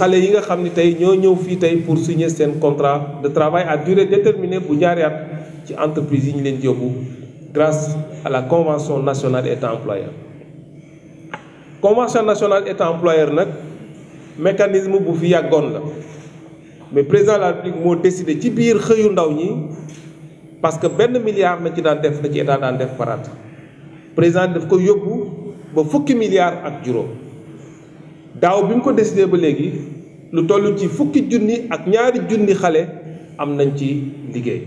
Nous yi nga xamni pour signer contrat de travail à durée déterminée pour les at ci entreprise grâce à la convention nationale état employeur convention nationale état employeur un mécanisme bu fi la mais président de la République a décidé ci biir xeyu ndaw ñi parce que ben milliard sont ci daan def na ci état daan def par président daf ko yobbu ba milliards ak daaw bi mu ko décidé ba léegi lu toll ci fukki junni ak ñaari junni xale am nañ ci liggéey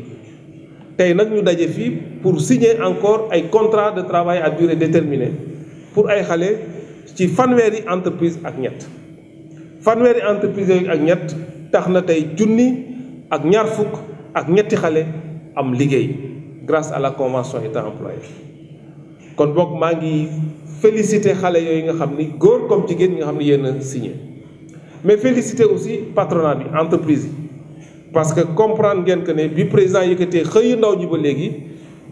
tey nag ñu daje fii pour signer encore ay contrat de travail à durée déterminée pour ay xale ci fanweeri entreprise ak ñett fanweeri entreprise ak ñett tax na tey junni ak ñaar fukk ak ñetti xale am liggéey grâce à la convention état employeur kon boog maa ngi féliciter xale yooyu nga xamni goor comme jigéen nga xamni ni yéen signé mais féliciter aussi patronat bi entreprise parce que comprendre ngeen que né bi président yëkkatee xëyu ndaw ñi ba légui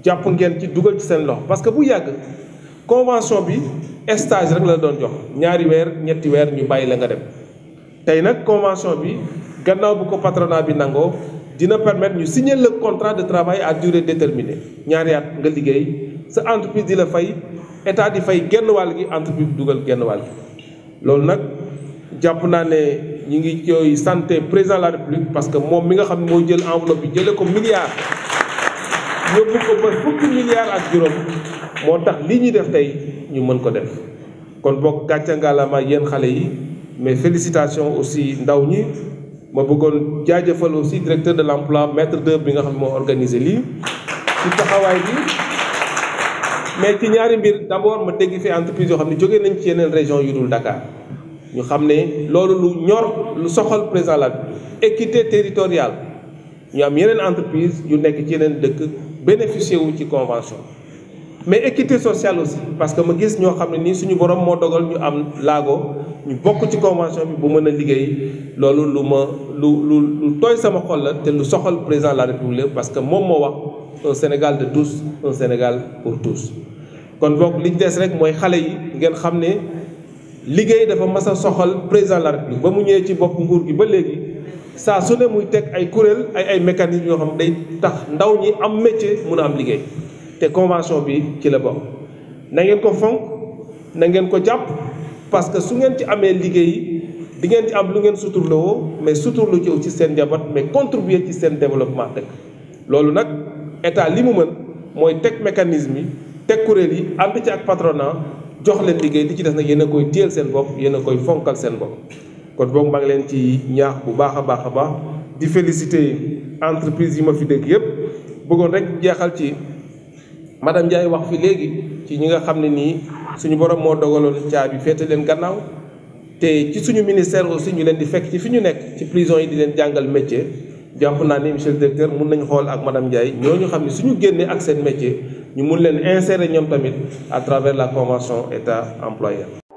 japp ngeen ci duggal ci sen loxo parce que bu yàgg convention bi stage rek la doon jox ñaari wër ñetti wër ñu bàyyi la nga dem tay nak convention bi gannaaw bu ko patronat bi nango dina permettre ñu signer le contrat de travail à durée déterminée ñaari at nga liggéey sa entreprise dila fay état di fay genn wal gi entreprise dougal genn wal lool nak japp na né ñi ngi koy santé président de la république parce que mom mi nga xam ne jël enveloppe bi jëlee ko milliards yóbbu ko ba fukki milliards ak juroom motax li ñi def tay ñu mën ko def kon bok gàcce ngaalama yeen xalé yi mais félicitations aussi ndaw ñi ma bëggoon jaajëfal aussi directeur de l'emploi maître d'œuvre bi nga xam ne moo organisé lii ci taxawaay bi mais ci ñaari mbir d' abord ma dégg fi entreprise yoo xam ne nañ ci yeneen région yu dul Dakar ñu xam ne loolu lu ñor lu soxal président la équité territoriale ñu am yeneen entreprise yu nekk ci yeneen dëkk bénéficier wu ci convention mais équité sociale aussi parce que ma gis ñoo xam ne nii suñu borom moo dogal ñu am laago ñu bokk ci convention bi bu mën a liggéey loolu lu ma lu lu lu tooy sama xol la te lu soxal président la république parce que moom moo wax un Sénégal de tous un Sénégal pour tous kon boog li ñu des rek mooy xale yi ngeen xam ne liggéey dafa mas a soxal président de la république ba mu ñëwee ci bokk nguur gi ba léegi saa su ne muy teg ay kuréel ay ay mécanismes yoo xam day tax ndaw ñi am métier mun a am liggéey te convention bi ci la bokk na ngeen ko fonk na ngeen ko jàpp parce que su ngeen ci amee liggéey di ngeen ci am lu ngeen suturloo mais suturlu ci ci seen njaboot mais contribuer ci seen développement dëkk loolu nag état li mu mën mooy teg mécanisme yi teg kuréel yi ànd ci ak patronat jox leen liggéey di ci des nag yéen a koy téyel seen bopp yéen a koy fonkal seen bopp kon boog maa ngi leen ci ñaax bu baax a baax a baax di félicité entreprise yi ma fi dégg yépp bëggoon rek jeexal ci madame Ndiaye wax fi léegi ci ñi nga xam ne nii suñu borom moo dogaloon caabi féete leen gannaaw te ci suñu ministère aussi ñu leen di fekk ci fi ñu nekk ci prison yi di leen jàngal métier jàpp naa ni monsieur le directeur mun nañu xool ak madame Ndiaye ñooñu xam ne suñu génnee ak seen métier ñu mun leen insérer ñoom tamit à travers la convention état employeur